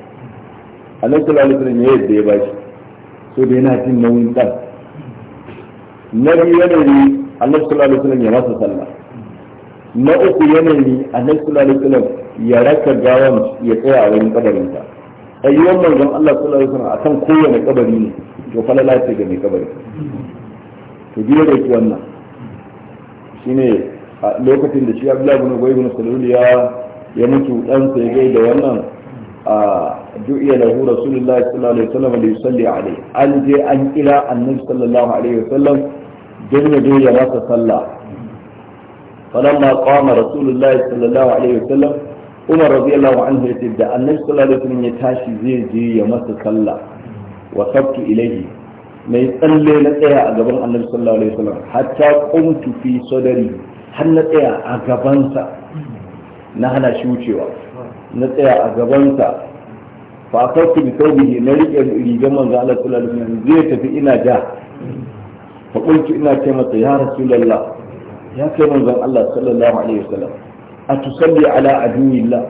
[SPEAKER 1] annabi sallallahu alaihi wasallam ya yadda ya bashi so da yana jin nauyin dan na biyu yanayi annabi sallallahu alaihi wasallam ya masa sallah na uku yanayi annabi sallallahu alaihi wasallam ya raka gawan ya tsaya a wurin yi ayyuwan manzon Allah sallallahu alaihi wasallam akan kowane kabari ne to falala ce ga mai kabari to biyo da ki wannan shine a lokacin da shi Abdullahi ibn Ubay ibn Salul ya ya mutu dan sai gai da wannan a du'iya lahu rasulullahi sallallahu alaihi wasallam da yusalli an je an kira annabi sallallahu alaihi wasallam don ya zo ya masa sallah falamma qama rasulullahi sallallahu alaihi wasallam umar radiyallahu anhu ya annabi sallallahu alaihi wasallam ya tashi zai je ya masa sallah wa sabtu ilaihi mai tsalle na tsaya a gaban annabi sallallahu alaihi wasallam hatta qumtu fi sadari har na tsaya a gabansa na hana shi wucewa na tsaya a gabansa fa akhadtu bi thawbihi na rike rigar manzo Allah sallallahu alaihi wasallam zai tafi ina ja fa qultu ina ce masa ya rasulullah ya kai manzo Allah sallallahu alaihi wasallam atusalli ala aduwillah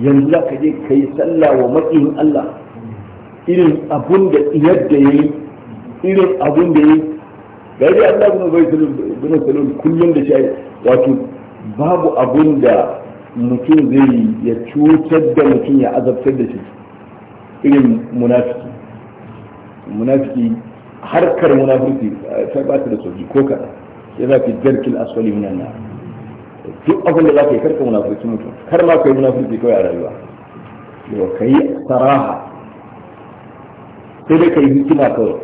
[SPEAKER 1] yanzu za ka je ka yi sallah wa maƙiyin Allah irin abun da yadda ya yi irin abun da ya yi gari Allah bin bai bin Salul kullum da shi wato babu abun da mutum zai yi ya cutar da mutum ya azabtar da shi irin munafiki munafiki harkar munafiki eh, ta ba ta da sauki ko ka ya za ki jarkil asali minan na duk abin da za ka yi karka munafiki mutum kar ma ka yi munafiki kawai a rayuwa yau ka yi saraha sai dai ka yi hikima kawai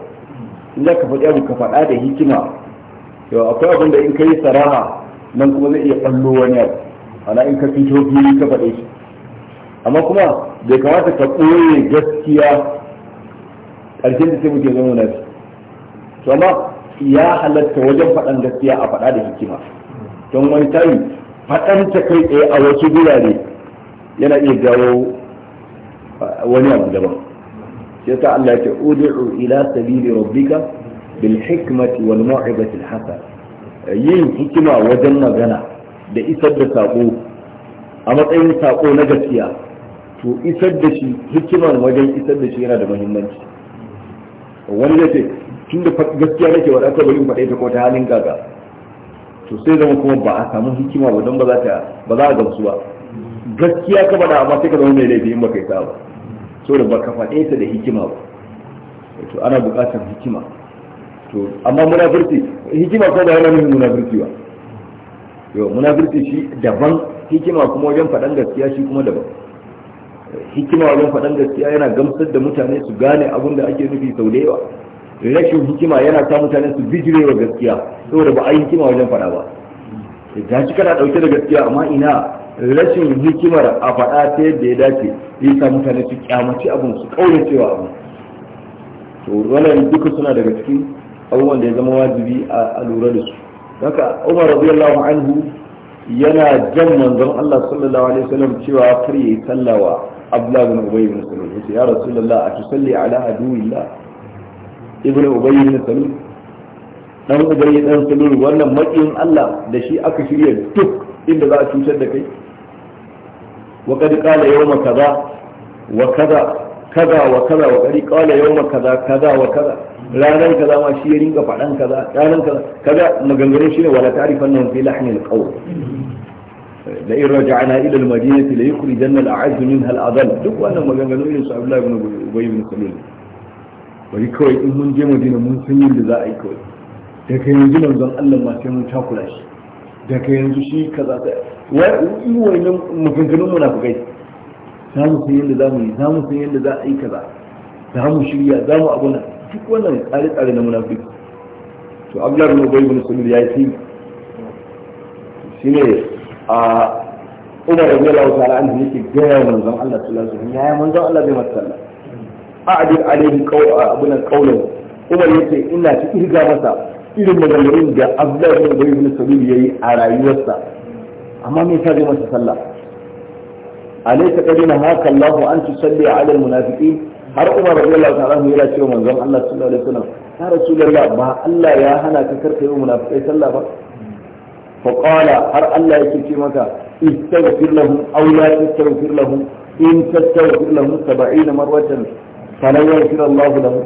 [SPEAKER 1] in za ka faɗi abu ka faɗa da hikima yau akwai abin da in ka yi saraha nan kuma zai iya ɓallo wani abu ana in ka fito fili ka faɗe shi amma kuma bai kamata ka ɓoye gaskiya ƙarshen da sai muke zama munafi to amma ya halatta wajen faɗan gaskiya a faɗa da hikima don wani tayi faɗan ta kai tsaye a wasu gurare yana iya jawo ah, wani abu daban sai ta Allah ce ud'u ila sabili rabbika bil hikmati wal mau'izati al hasana yin hikima wajen magana da isar da sako a matsayin sako na gaskiya to isar da shi hikimar wajen isar da shi yana da muhimmanci wani zai ce tun da gaskiya nake wa ɗansa bari faɗai ta ko ta halin gaga to sai zama kuma ba a samu hikima ba don ba za a gamsu ba gaskiya ka faɗa amma sai ka zama mai laifi in baka yi ta ba saboda ba ka faɗe ta da hikima ba to ana buƙatar hikima to amma munafurci hikima ko ba yana nufin munafurci ba yau munafurci shi daban hikima kuma wajen faɗan gaskiya shi kuma daban hikima wajen faɗan gaskiya yana gamsar da mutane su gane abin da ake nufi sau da yawa rashin hikima yana sa mutane su bijire wa gaskiya saboda ba a yi hikima wajen faɗa ba ga shi kana ɗauke da gaskiya amma ina rashin hikimar a faɗa ta yadda ya dace ya sa mutane su kyamaci abin su kaure cewa abin to wannan duka suna daga cikin abubuwan da ya zama wajibi a lura da su haka umar radiyallahu anhu yana jan manzon Allah sallallahu alaihi wasallam cewa kar yi sallawa abdullah bin ubay bin salul yace ya rasulullah atusalli ala aduwillah ibnu ubay bin salul dan ubay dan salul wannan makiyin Allah da shi aka shirya duk inda za a cutar da kai wa kad qala yawma kaza wa kaza kaza wa kaza wa kad qala yawma kaza kaza wa kaza ranar kaza ma shi ya rinka faɗan kaza ranar kaza kaza maganganun shi ne wala ta'rifanna fi lahnil qawl la in raja'na ila al-madinati la yukhrijanna al-a'azz min hal adall duk wannan maganganu irin su Abdullahi ibn Ubay ibn Salul bari kawai in mun je Madina mun san yadda za a yi kawai da daga yanzu manzon Allah ma sai mun takura shi daga yanzu shi kaza sai wai in wannan maganganun munafikai za mu san yadda za mu yi za mu san yadda za a yi kaza za mu shirya za mu abuna duk wannan tsare-tsare na munafiki to Abdullah ibn Ubay ibn Salul ya yi shi ne a ina da gela wata al'an da yake gaya manzon Allah sallallahu alaihi wasallam ya manzon Allah zai masa sallah a'adil alaihi qawla abunan qawlan Umar yace ina ta irga masa irin maganganun da Abdullahi bin Ubay bin Salul yayi a rayuwarsa amma me yasa zai masa sallah alaysa qadina haka Allahu an tusalli ala almunafiqin har Umar radiyallahu ta'ala anhu yana cewa manzon Allah sallallahu alaihi wasallam ya rasulullah ba Allah ya hana ka karkai munafiqai sallah ba فقال هر الله يكفي مكا استغفر لهم أو لا تستغفر لهم إن تستغفر لهم سبعين مرة فلا يغفر الله لهم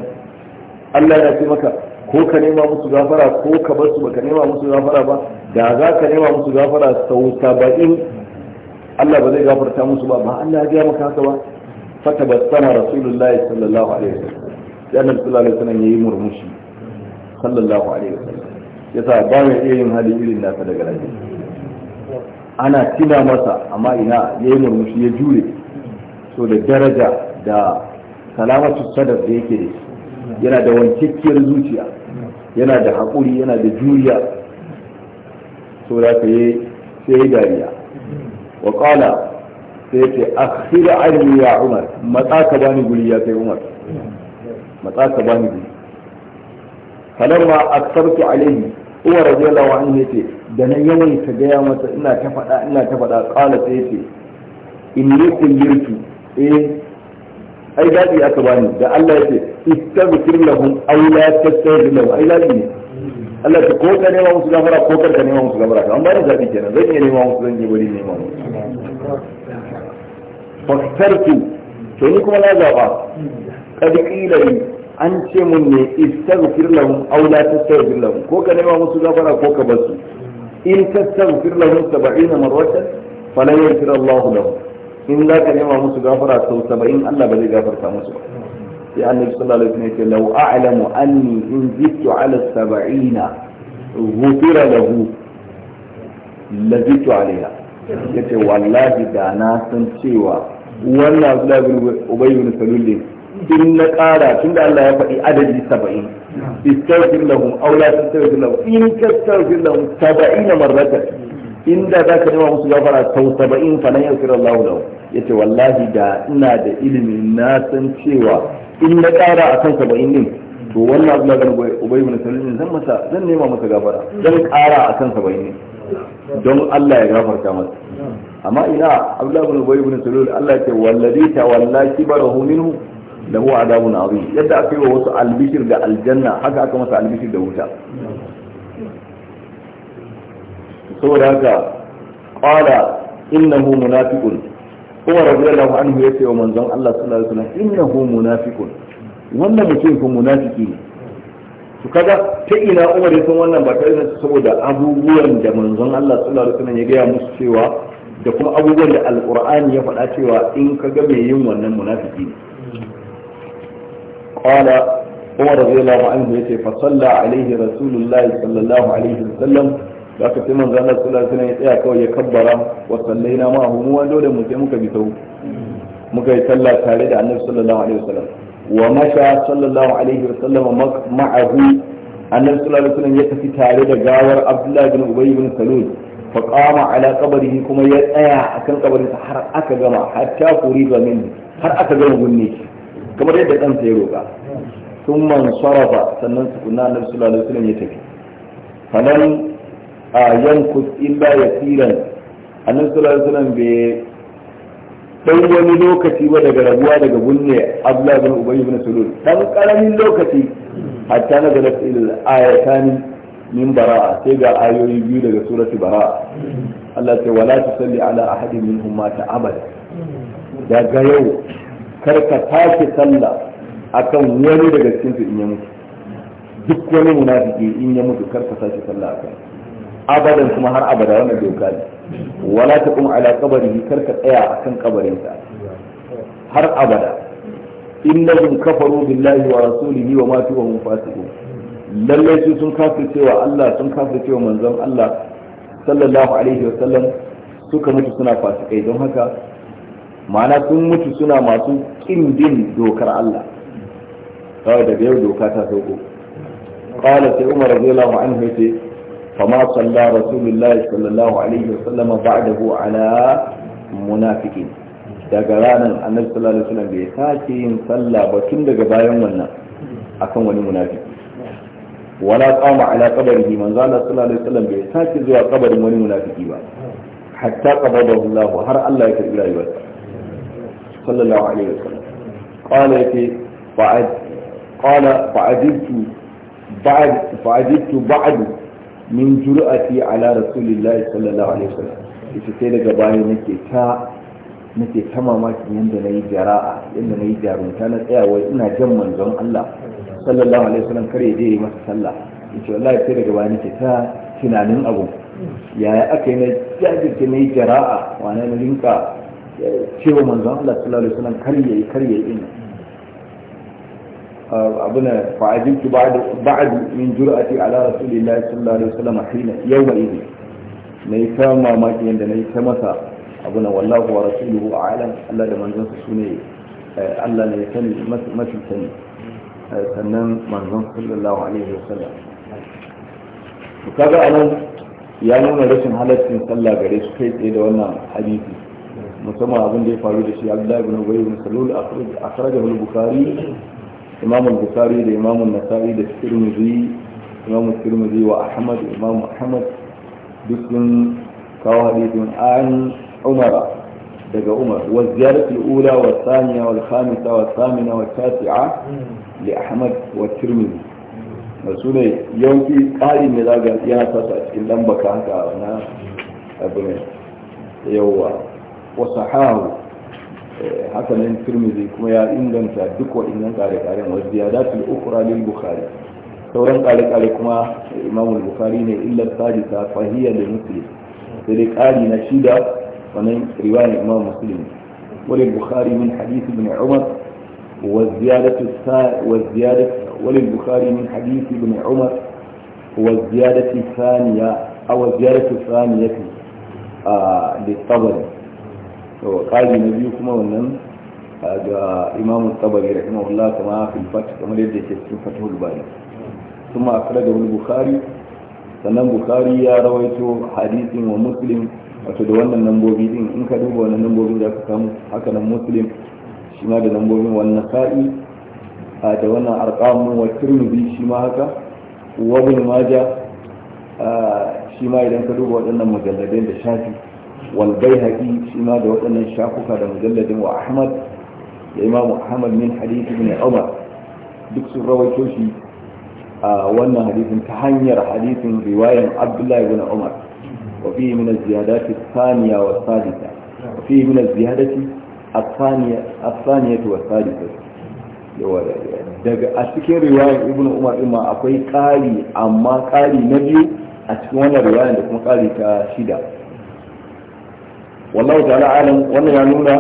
[SPEAKER 1] الله يكفي مكا ko ka nema musu gafara ko ka bar su baka nema musu gafara ba da za ka nema musu gafara sau saba'in Allah ba zai gafarta musu ba ba Allah ya maka haka ba fata bassama rasulullahi sallallahu alaihi wasallam sai annabi sallallahu alaihi wasallam yayi murmushi sallallahu alaihi wasallam yasa ba mai iya yin hali irin nasa daga rafi ana tina masa amma ina ya yi murmushi ya jure so da daraja da salamatu sadar da yake da yana da wankakkiyar zuciya yana da haƙuri yana da juriya so da ka yi sai dariya wa ƙala sai ce akhira almi ya umar matsa ka bani guri ya kai umar matsa ka bani guri falamma aktartu alaihi uwa radiyallahu anhu yace da nan yawan ta gaya masa ina ta faɗa ina ta faɗa qala sai yace inni kullirtu eh ai dadi aka bani da Allah yace istaghfir lahum aw la tastaghfir lahum ai dadi ne Allah ta ko ka nema musu gafara ko kar ka nema musu gafara an bani zabi kenan zan iya nema musu zan je bari nema musu fastartu to ni kuma na zaba kad qila an ce mun ne istaghfir lahum aw la tastaghfir lahum ko ka nema musu gafara ko ka basu in tastaghfir lahum 70 marratan fala yaghfir Allah lahum in za ka nema musu gafara sau 70 Allah ba zai gafarta musu ba sai annabi sallallahu alaihi wasallam ya ce law a'lamu anni in zittu ala 70 ghufira lahu la zittu alaiha yace wallahi da na san cewa wannan Abdullahi bin Ubay Salul in na ƙara tun da Allah ya faɗi adadi saba'in istaghfir lahum aw la tastaghfir lahum in tastaghfir lahum saba'ina marratan inda za ka nema musu gafara sau saba'in fa nan yaghfir Allahu lahum yace wallahi da ina da ilimi na san cewa in na ƙara akan saba'in din to wannan abu da ubay ibn salim zan masa zan nema masa gafara zan ƙara akan saba'in din don Allah ya gafarta masa amma ina abdullahi ibn ubay ibn salul Allah ya ce wallazi tawalla kibarahu minhu da huwa adabun azim yadda aka yi wa wasu albishir da aljanna haka aka masa albishir da wuta saboda haka qala innahu munafiqun kuma radiyallahu anhu yace wa manzon Allah sallallahu alaihi wasallam innahu munafiqun wannan mutum ko munafiki ne to kaga ta ina Umar ya san wannan ba tare da saboda abubuwan da manzon Allah sallallahu alaihi wasallam ya gaya musu cewa da kuma abubuwan da alqur'ani ya faɗa cewa in kaga mai yin wannan munafiki ne qala Umar radiyallahu anhu yace fa salla alaihi rasulullahi sallallahu alaihi wasallam da ka sai manzo Allah sallallahu alaihi ya tsaya kawai ya kabbara wa sallaina ma hu da mu sai muka bi sau muka yi sallah tare da Annabi sallallahu wa masha sallallahu alaihi wasallam ma'ahu Annabi sallallahu ya tafi tare da gawar Abdullah bin Ubay bin Salul fa qama ala qabrihi kuma ya tsaya akan kabarinsa har aka gama hatta furiga har aka gama gunne kamar yadda kansa ya roƙa sun man sarrafa sannan su kuna na sulalai sunan ya tafi sannan a yankus illa ya tsiran annan sulalai sunan bai ɗan wani lokaci ba daga rabuwa daga bunne abla bin ubayi bin sulul ɗan ƙaramin lokaci hatta na da lafiyar ayatani min bara'a sai ga ayoyi biyu daga surati bara'a Allah ce wala tusalli ala ahadin minhum mata abada daga yau kar ka tashi sallah akan wani daga cikin su in ya mutu duk wani munafiki in ya mutu kar ka tashi sallah akan abadan kuma har abada wannan doka ne wala ta kuma ala kabari karka tsaya akan sa har abada innahum kafaru billahi wa rasulihi wa matu wa hum fasiqun lalle su sun kafircewa Allah sun kafircewa manzon Allah sallallahu alaihi wa sallam suka mutu suna fasikai don haka ma'ana sun mutu suna masu kin bin dokar Allah kawai daga yau doka ta sauko qala sai umar radiyallahu anhu yace fama salla rasulullahi sallallahu alaihi wasallam ba'dahu ala munafiqin daga ranar annabi sallallahu alaihi wasallam bai sake yin sallah ba tun daga bayan wannan akan wani munafiki wala qama ala qabrihi manzo Allah sallallahu alaihi wasallam bai sake zuwa kabarin wani munafiki ba hatta qabadahu Allah har Allah ya karbi rayuwarsa sallallahu alaihi wasallam qala yake fa'ad qala fa'adtu ba'd fa'adtu ba'd ala rasulillahi sallallahu alaihi wasallam ita sai daga baya nake ta ta mamakin yadda na yi jara'a yadda na yi jarumta na tsayawa ina jan manzon Allah sallallahu alaihi wasallam kare je yi masa sallah in ce wallahi sai daga baya ta tunanin abu yaya aka yi na jajirce na yi jara'a wani na rinka cewa manzon Allah sallallahu alaihi wasallam kar yayi kar yayi abu abuna fa ajibtu ba'd ba'd min jur'ati ala rasulillahi sallallahu alaihi wasallam hina yawma idin nayi ta mamaki yanda nayi ta masa abuna wallahu wa rasuluhu a'lam Allah da manzon sa sune eh, Allah ne ya sani mafi sani eh, sannan manzon sallallahu alaihi wasallam to kaga anan ya nuna rashin halaccin sallah gare su kai tsaye da wannan hadisi musamman abin da ya faru da shi abdullahi ibn ubay ibn salul akhrajahu al-bukhari imam al-bukhari da imam an-nasa'i da tirmidhi imam tirmidhi wa ahmad imam ahmad duk sun kawo hadithun an umar daga umar wa ziyarati al-ula wa thaniya wa al-khamisa wa thamina wa tasi'a li ahmad wa tirmidhi su ne yawanci ƙari ne zaga yana sasa a cikin lambaka haka na abu ne yawwa وصحاو إيه، حسن الترمذي كما ان لم دك وان لم قال قال والزيادات الاخرى للبخاري تورن قال قال كما امام البخاري ني الا الثالثه فهي لمسلم ذلك قال نشيدا ومن روايه امام مسلم وللبخاري من حديث ابن عمر والزيادة والزيادة وللبخاري من حديث ابن عمر والزيادة الثانية أو الزيادة الثانية آه، للطبري آه to kaji na biyu kuma wannan ga imam tabari rahimahullah kama fil fat kuma da yake cikin fatul bari kuma da wani bukhari sannan bukhari ya rawaito hadisin wa muslim wato da wannan nambobi din in ka duba wannan nambobi da ka samu haka nan muslim shi ma da nambobin wannan sa'i a da wannan arqamun wa tirmidhi shi ma haka wa ibn majah shi ma idan ka duba wadannan mujalladai da shafi Walbai baihaqi shima da waɗannan shakuka da mujalladin wa ahmad da imamu ahmad min hadith ibn umar duk sun rawaito shi a wannan hadisin ta hanyar hadisin riwayan abdullahi ibn umar wa fihi min az-ziyadat daga cikin riwayar ibn umar din ma akwai kari amma kari na biyu a cikin wannan riwayar da kuma kari ta shida wallahu ta'ala alim wannan ya nuna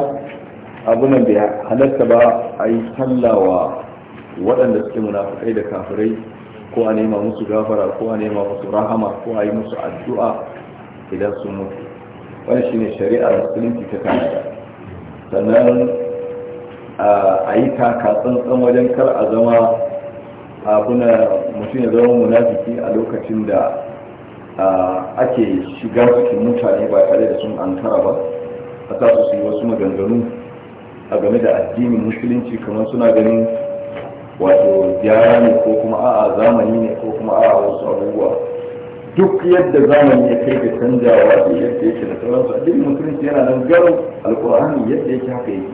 [SPEAKER 1] Abu nan da halarta ba a yi tallawa waɗanda suke munafukai da kafirai ko a nema musu gafara ko a nema musu rahama ko a yi musu addu'a idan sun mutu wani shine shari'ar musulunci ta kanada sannan a yi taka tsantsan wajen kar a zama abu na mutum ya zama munafuki a lokacin da ake shiga cikin mutane ba tare da sun ankara ba a sa su yi wasu maganganu a game da addinin musulunci kamar suna ganin wato gyara ne ko kuma a'a zamani ne ko kuma a'a wasu abubuwa duk yadda zamani ya kai da canjawa da yadda yake da sauransu addinin musulunci yana nan garo alkur'ani yadda yake haka yake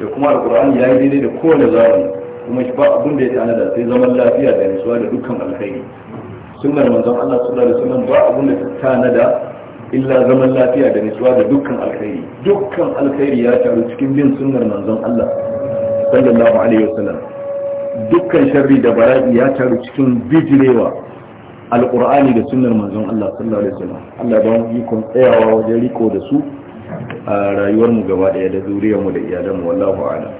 [SPEAKER 1] da kuma alkur'ani ya yi daidai da kowane zamani kuma ba abin da ya da sai zaman lafiya da nutsuwa da dukkan alkhairi sunnar manzon Allah sallallahu alaihi wasallam ba abun da ta tanada illa zaman lafiya da nutsuwa da dukkan alkhairi dukkan alkhairi ya taru cikin bin sunar manzon Allah sallallahu alaihi wasallam dukkan sharri da bala'i ya taru cikin bijirewa alqur'ani da sunnar manzon Allah sallallahu alaihi wasallam Allah ba mu ikon tsayawa wajen riko da su a rayuwar mu gaba daya da zuriyar mu da iyalan mu wallahu a'lam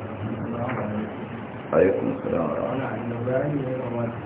[SPEAKER 1] alaikum salam wa
[SPEAKER 2] rahmatullahi wa barakatuh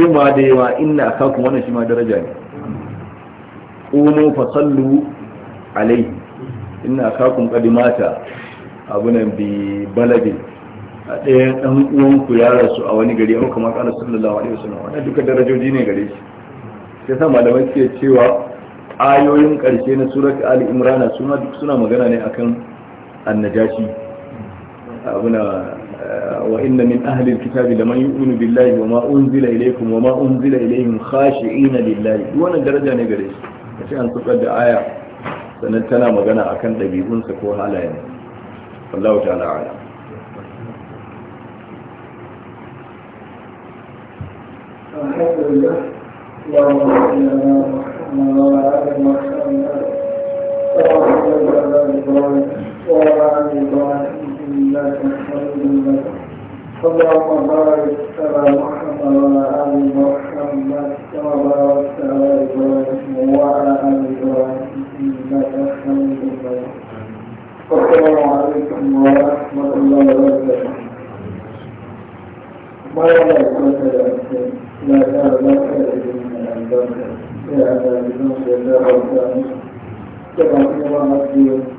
[SPEAKER 1] ma da yawa inna kuma wannan shi ma daraja ne qumu fa sallu alai inna akakum qad mata nan bi baladin a ɗaya ɗan uwanku ya rasu a wani gari auka maka ala sallallahu alaihi wasallam wannan duka darajoji ne gare shi sai sa malamai suke cewa ayoyin ƙarshe na surat ali imrana suna magana ne akan annajashi na وإن من أهل الكتاب لمن يؤمن بالله وما أنزل إليكم وما أنزل إليهم خاشعين لله وانا درجة نقريش عشان أن تقعد آية سنتنا مغانا أكن تبيبون سكوها لين الله تعالى أعلم
[SPEAKER 2] الحمد لله اللهم صل على محمد وعلى آل محمد وعلى آل لله نحمده اللهم بارك على محمد وعلى ال محمد كما باركت على ابراهيم وعلى ال ابراهيم انك حميد مجيد السلام عليكم ورحمه الله وبركاته ما يعلم لا تعلم لا تعلم من البركه يا ابا بنصر الله وكما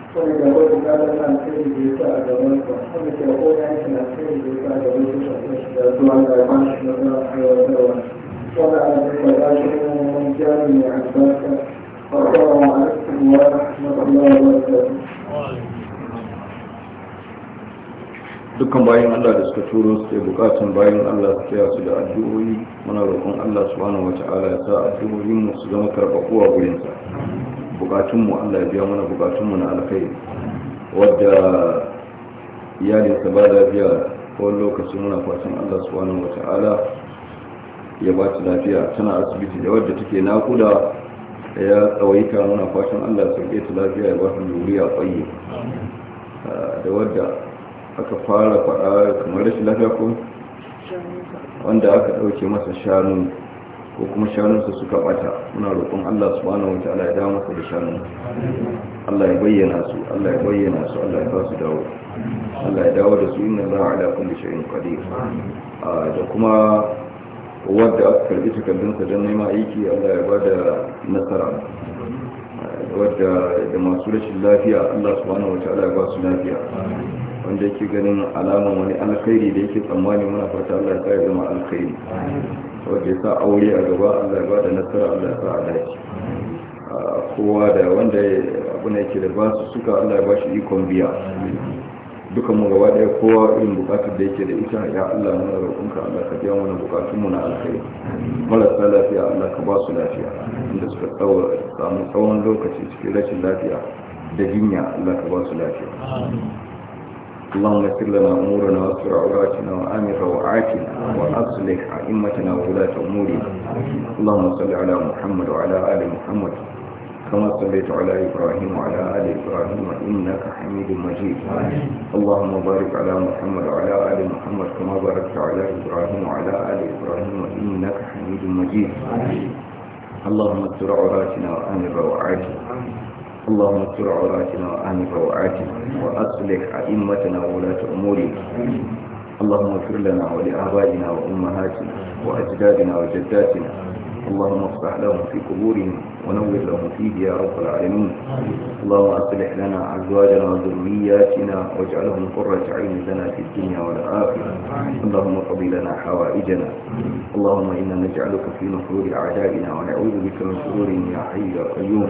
[SPEAKER 2] wani da wani kada na alkhairi da ya sa a gaban ka wanda ke ko ya na alkhairi da ya sa a gaban ka shafi shi da zuwa ga ya bashi na zuwa aiwatarwa wanda a cikin bakashi na wani jami mai albarka wasu alaikum wa rahmatullahi wa barakatuh
[SPEAKER 1] dukkan bayan Allah da suka turo su bukatun bayan Allah su tsaya su da addu'o'i muna roƙon Allah subhanahu wata'ala ya sa addu'o'in mu su zama karɓaɓɓu a gurinsa bukatunmu allah ya biya mana bukatunmu na alkai wadda iyalinsa ba lafiya wani lokaci muna fatan allah subhanahu wa ta'ala ya ba ta lafiya tana asibiti da wadda take nakuda ya tsawaita muna fatan allah su ke ta lafiya ya ba ta juriya kwaye da wadda aka fara faɗa kamar rashin lafiya ko wanda aka ɗauke masa shanu ko kuma shanunsa suka bata muna roƙon Allah subhanahu wataala ya dawo masa da shanun Allah ya bayyana su Allah ya bayyana su Allah ya ba su dawo Allah ya dawo da su inna Allah ala kulli shay'in qadir da kuma wadda aka karbi takardunsa don neman aiki Allah ya ba da nasara wadda da masu rashin lafiya Allah subhanahu wataala ya ba su lafiya wanda yake ganin alaman wani alkhairi da yake tsammani muna fata Allah ya sa ya zama alkhairi wanda ya sa aure a gaba Allah ya ba da nasara Allah ya sa a kowa da wanda abin yake da ba su suka Allah ya ba shi ikon biya dukan mu gaba daya kowa irin bukatun da yake da ita ya Allah muna roƙonka Allah ka biya mana bukatun mu na alkhairi marasa lafiya Allah ka ba su lafiya inda suka samu tsawon lokaci cikin rashin lafiya da jinya Allah ka ba su lafiya اللهم اغفر لنا امورنا واستر عوراتنا وامن روعاتنا واصلح ائمتنا وولاة امورنا اللهم صل على محمد وعلى ال محمد كما صليت على إبراهيم وعلى آل إبراهيم إنك حميد مجيد اللهم بارك على محمد وعلى آل محمد كما باركت على إبراهيم وعلى آل إبراهيم إنك حميد مجيد اللهم استر عوراتنا وآمن روعاتنا اللهم استر عوراتنا وآمن روعاتنا وأصلح أئمتنا وولاة أمورنا اللهم اغفر لنا ولآبائنا وأمهاتنا وأجدادنا وجداتنا اللهم اصلح لهم في قبورهم ونور لهم فيه يا رب العالمين اللهم اصلح لنا ازواجنا وذرياتنا واجعلهم قرة عين لنا في الدنيا والآخرة اللهم قضي لنا حوائجنا اللهم إنا نجعلك في نفور أعدائنا ونعوذ بك من شرور يا حي يا قيوم